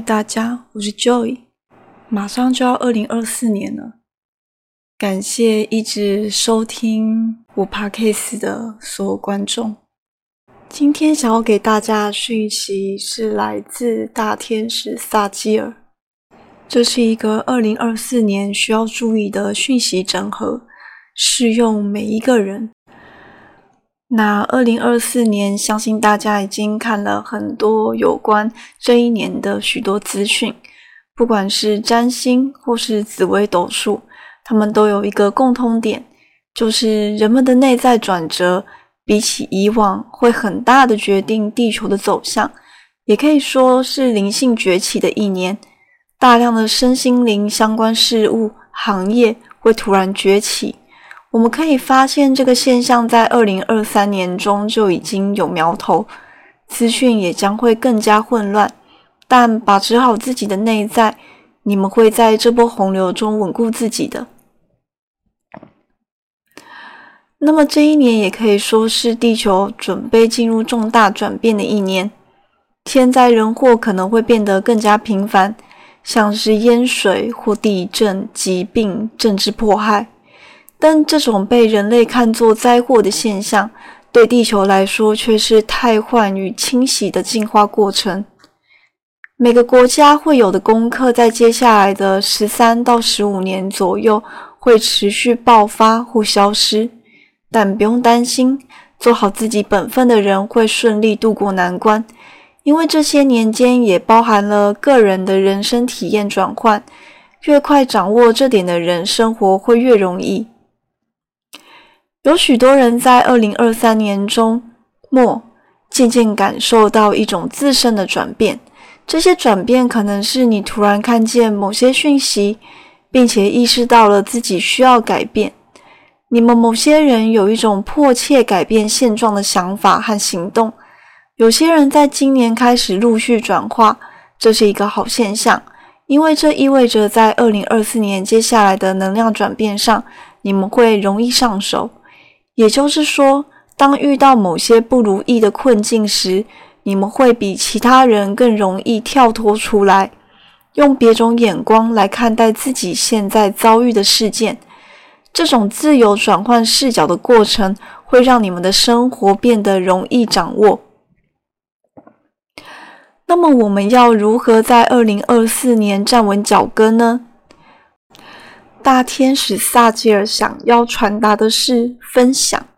大家，我是 Joy。馬上就要二零二四年了，感謝一直收聽我 p o c a s 的所有觀眾。今天想要給大家訊息是來自大天使薩基爾，這是一個二零二四年需要注意的訊息整合，適用每一個人。那二零二四年，相信大家已經看了很多有關這一年的許多資訊，不管是占星或是紫微斗數，他們都有一個共通點，就是人們的內在轉折，比起以往會很大的決定地球的走向，也可以說是靈性崛起的一年，大量的身心靈相關事物行業會突然崛起。我們可以發現，這個現象在二零二三年中就已經有苗頭，資訊也將會更加混亂。但把持好自己的內在，你們會在這波洪流中穩固自己的。那麼，這一年也可以說是地球準備進入重大轉變的一年，天災人禍可能會變得更加頻繁，像是淹水或地震、疾病、政治迫害。但這種被人類看作災禍的現象，對地球來說卻是汰換與清洗的進化過程。每個國家會有的功課，在接下來的十三到十五年左右會持續爆發或消失。但不用擔心，做好自己本分的人會順利度過難關，因為這些年間也包含了個人的人生體驗轉換。越快掌握這點的人，生活會越容易。有許多人在二零二三年中末漸漸感受到一種自身的轉變，這些轉變可能是你突然看見某些訊息，並且意識到了自己需要改變。你們某些人有一種迫切改變現狀的想法和行動，有些人在今年開始陸續轉化，這是一個好現象，因為這意味着在二零二四年接下來的能量轉變上，你們會容易上手。也就是說，當遇到某些不如意的困境時，你們會比其他人更容易跳脫出來，用別種眼光來看待自己現在遭遇的事件。這種自由轉換視角的過程，會讓你們的生活變得容易掌握。那麼，我們要如何在二零二四年站穩腳跟呢？大天使薩吉爾想要傳達的是分享，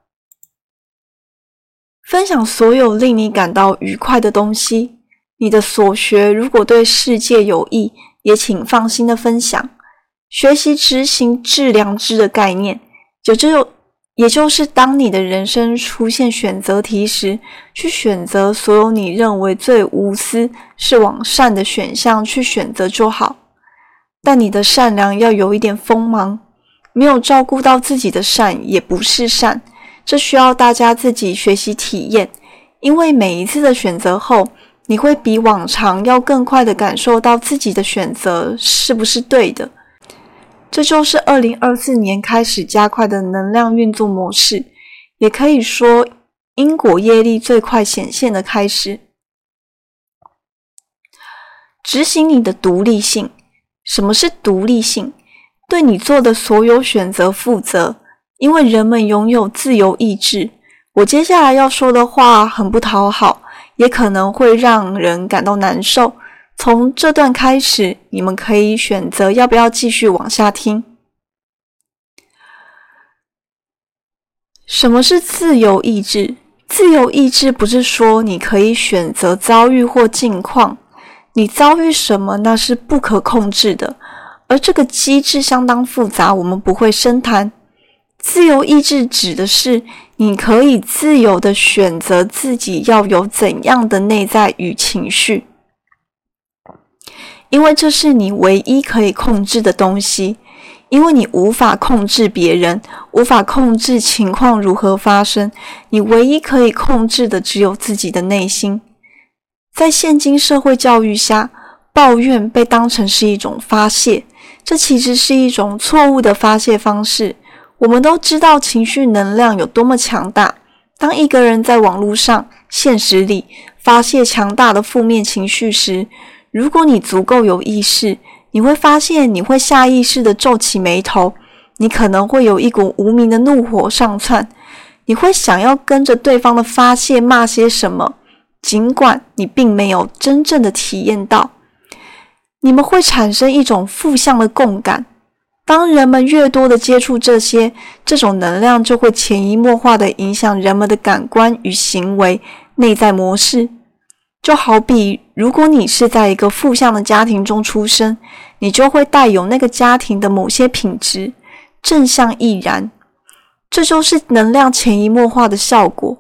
分享所有令你感到愉快的東西。你的所學如果對世界有益，也請放心的分享。學習執行致良知的概念，也就也就是當你的人生出現選擇題時，去選擇所有你認為最無私、是往善的選項去選擇就好。但你的善良要有一點鋒芒，沒有照顧到自己的善也不是善，這需要大家自己學習體驗。因為每一次的選擇後，你會比往常要更快的感受到自己的選擇是不是對的。這就是2024年開始加快的能量運作模式，也可以說因果業力最快顯現的開始。執行你的獨立性。什麼是獨立性？對你做的所有選擇負責，因為人們擁有自由意志。我接下來要說的話很不討好，也可能會讓人感到難受。從這段開始，你們可以選擇要不要繼續往下聽。什麼是自由意志？自由意志不是說你可以選擇遭遇或境況。你遭遇什麼，那是不可控製的，而這個機制相當複雜，我們不會深談。自由意志指的是你可以自由地選擇自己要有怎樣的內在與情緒，因為這是你唯一可以控制的東西，因為你無法控制別人，無法控制情況如何發生，你唯一可以控制的只有自己的內心。在現今社會教育下，抱怨被當成是一種發洩，這其實是一種錯誤的發洩方式。我們都知道情緒能量有多麼強大。當一個人在網絡上、現實裡發洩強大的負面情緒時，如果你足夠有意識，你會發現你會下意識地皺起眉頭，你可能會有一股無名的怒火上竄，你會想要跟着對方的發洩罵些什麼。儘管你並沒有真正的體驗到，你們會產生一種負向的共感。當人們越多的接觸這些，這種能量就會潛移默化的影響人們的感官與行為，內在模式。就好比如果你是在一個負向的家庭中出生，你就會帶有那個家庭的某些品質，正向亦然。這就是能量潛移默化的效果。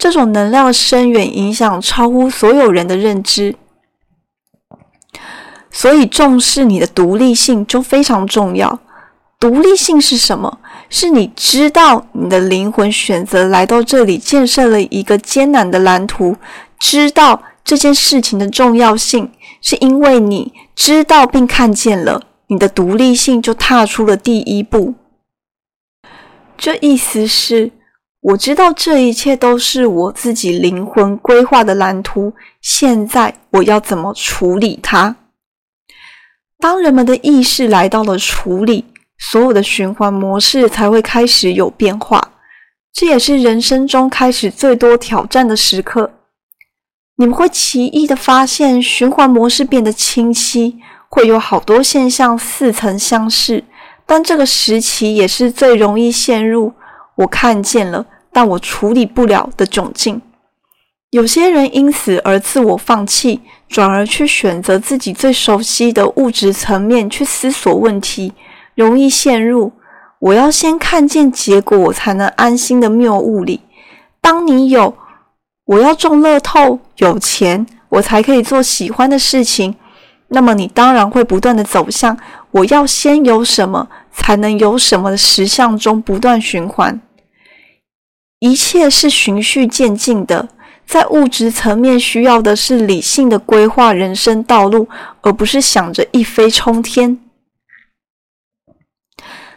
這種能量深遠影響，超乎所有人的認知，所以重視你的獨立性就非常重要。獨立性是什麼？是你知道你的靈魂選擇來到這裡，建設了一個艱難的藍圖，知道這件事情的重要性，是因為你知道並看見了，你的獨立性就踏出了第一步。這意思是。我知道這一切都是我自己靈魂規劃的藍圖。現在我要怎麼處理它？當人們的意識來到了處理，所有的循環模式才會開始有變化。這也是人生中開始最多挑戰的時刻。你們會奇異的發現，循環模式變得清晰，會有好多現象似曾相識，但這個時期也是最容易陷入。我看見了，但我處理不了的窘境。有些人因此而自我放棄，轉而去選擇自己最熟悉的物質層面去思索問題，容易陷入“我要先看見結果，我才能安心”的謬誤裡。當你有“我要中樂透，有錢，我才可以做喜歡的事情”，那麼你當然會不斷的走向“我要先有什麼，才能有什麼”的實相中不斷循環。一切是循序漸進的，在物質層面需要的是理性的規劃人生道路，而不是想着一飛衝天。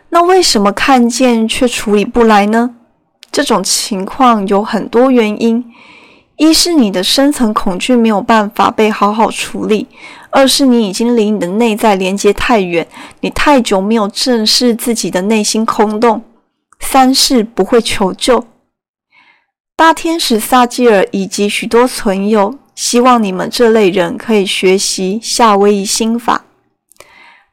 那為什麼看見卻處理不來呢？這種情況有很多原因：一是你的深層恐懼沒有辦法被好好處理；二是你已經離你的內在連接太遠，你太久沒有正視自己的內心空洞；三是不會求救。大天使薩基爾以及許多存有，希望你們這類人可以學習夏威夷心法。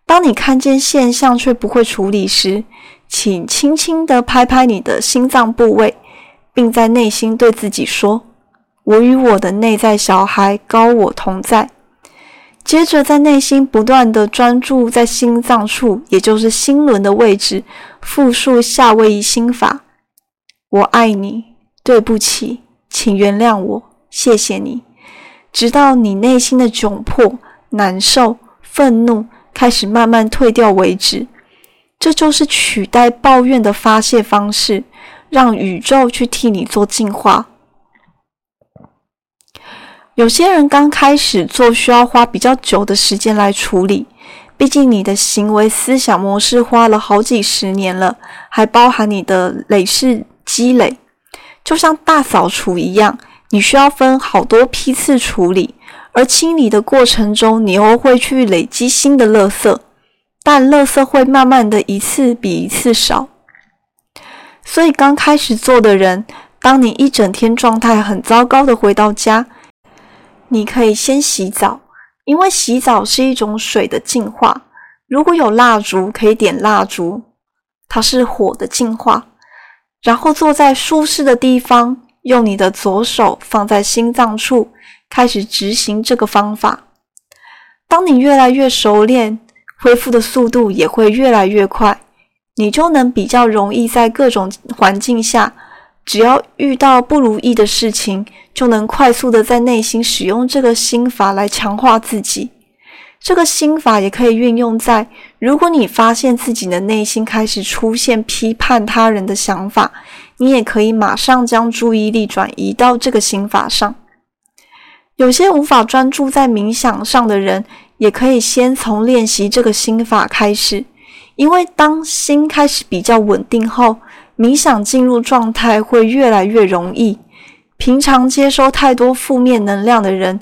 當你看見現象卻不會處理時，請輕輕地拍拍你的心臟部位，並在內心對自己說：“我與我的內在小孩高我同在。”接着，在內心不斷地專注在心臟處，也就是心輪的位置，復述夏威夷心法：“我愛你。”對不起，請原諒我，謝謝你。直到你內心的窘迫、難受、憤怒開始慢慢退掉為止，這就是取代抱怨的發洩方式，讓宇宙去替你做進化。有些人剛開始做，需要花比較久的時間來處理，畢竟你的行為、思想模式花了好幾十年了，還包含你的累世積累。就像大掃除一樣，你需要分好多批次處理，而清理的過程中，你又會去累積新的垃圾，但垃圾會慢慢的一次比一次少。所以剛開始做的人，當你一整天狀態很糟糕的回到家，你可以先洗澡，因為洗澡是一種水的淨化。如果有蠟燭，可以點蠟燭，它是火的淨化。然後坐在舒適的地方，用你的左手放在心臟處，開始執行這個方法。當你越來越熟練，恢復的速度也會越來越快。你就能比較容易在各種環境下，只要遇到不如意的事情，就能快速的在內心使用這個心法來強化自己。這個心法也可以運用在，如果你發現自己的內心開始出現批判他人的想法，你也可以馬上將注意力轉移到這個心法上。有些無法專注在冥想上的人，也可以先從練習這個心法開始，因為當心開始比較穩定後，冥想進入狀態會越來越容易。平常接收太多負面能量的人，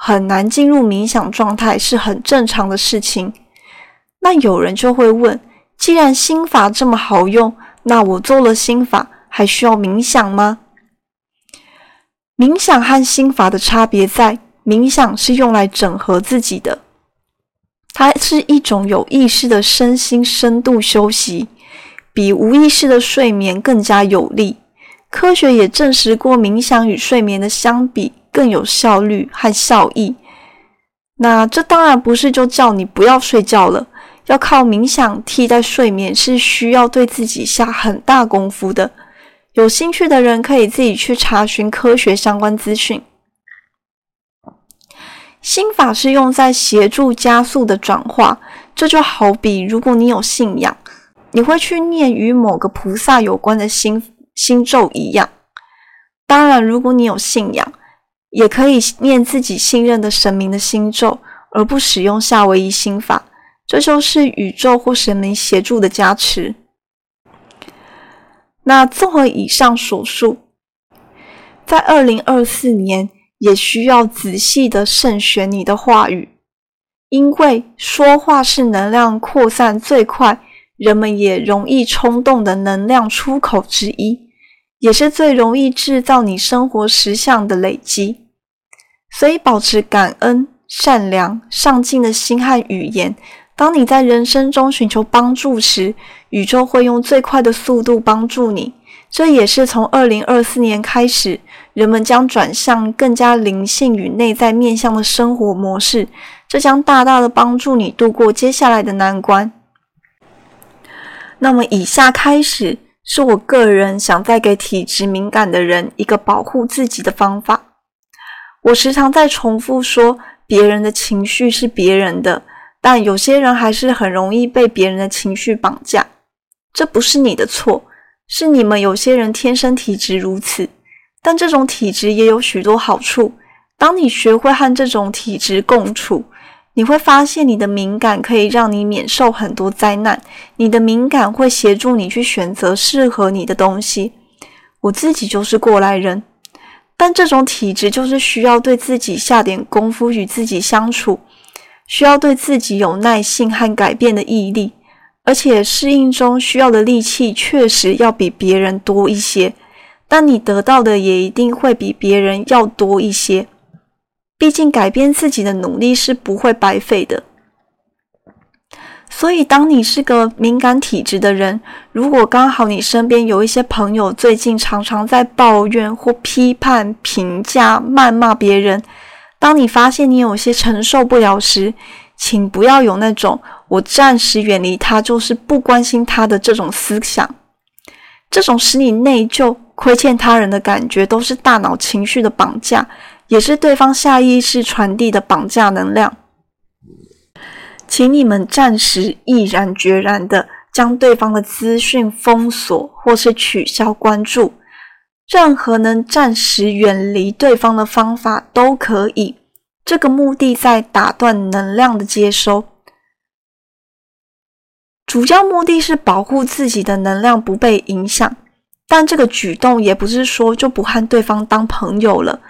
很難進入冥想狀態是很正常的事情。那有人就會問：既然心法這麼好用，那我做了心法還需要冥想嗎？冥想和心法的差別在：冥想是用來整合自己的，它是一種有意識的身心深度休息，比無意識的睡眠更加有力。科學也證實過冥想與睡眠的相比。更有效率和效益。那這當然不是就叫你不要睡覺了，要靠冥想替代睡眠，是需要對自己下很大功夫的。有興趣的人可以自己去查詢科學相關資訊。心法是用在協助加速的轉化，這就好比如果你有信仰，你會去念與某個菩薩有關的心心咒一樣。當然，如果你有信仰，也可以念自己信任的神明的心咒，而不使用夏威夷心法，這就是宇宙或神明協助的加持。那綜合以上所述，在2024年也需要仔細的慎選你的話語，因為說話是能量擴散最快，人們也容易衝動的能量出口之一。也是最容易製造你生活實相的累積，所以保持感恩、善良、上進的心和語言。當你在人生中尋求幫助時，宇宙會用最快的速度幫助你。這也是從二零二四年開始，人們將轉向更加靈性與內在面向的生活模式，這將大大的幫助你度過接下來的難關。那麼，以下開始。是我個人想再給體質敏感的人一個保護自己的方法。我時常在重複說，別人的情緒是別人的，但有些人還是很容易被別人的情緒綁架。這不是你的錯，是你們有些人天生體質如此，但這種體質也有許多好處，當你學會和這種體質共處。你會發現你的敏感可以讓你免受很多災難，你的敏感會協助你去選擇適合你的東西。我自己就是過來人，但這種體質就是需要對自己下點功夫，與自己相處，需要對自己有耐性和改變的毅力，而且適應中需要的力氣確實要比別人多一些，但你得到的也一定會比別人要多一些。畢竟，改變自己的努力是不會白費的。所以，當你是個敏感體質的人，如果剛好你身邊有一些朋友最近常常在抱怨或批判、評價、謾罵別人，當你發現你有些承受不了時，請不要有那種“我暫時遠離他就是不關心他的”這種思想。這種使你內疚、虧欠他人的感覺，都是大腦情緒的綁架。也是對方下意識傳遞的綁架能量，請你們暫時毅然決然地將對方的資訊封鎖或是取消關注，任何能暫時遠離對方的方法都可以。這個目的在打斷能量的接收，主要目的是保護自己的能量不被影響。但這個舉動也不是說就不和對方當朋友了。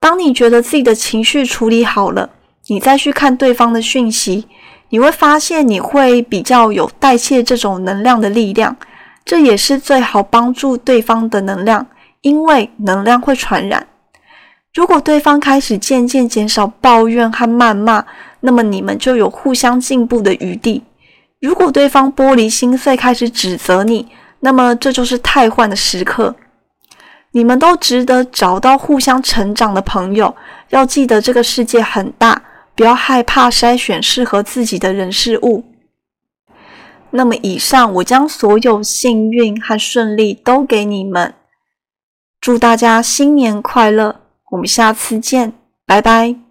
當你覺得自己的情緒處理好了，你再去看對方的訊息，你會發現你會比較有代謝這種能量的力量，這也是最好幫助對方的能量，因為能量會傳染。如果對方開始漸漸減少抱怨和謾罵，那麼你們就有互相進步的餘地。如果對方玻璃心碎開始指責你，那麼這就是汰換的時刻。你們都值得找到互相成長的朋友，要記得這個世界很大，不要害怕篩選適合自己的人事物。那麼，以上我將所有幸運和順利都給你們。祝大家新年快樂！我們下次見，拜拜。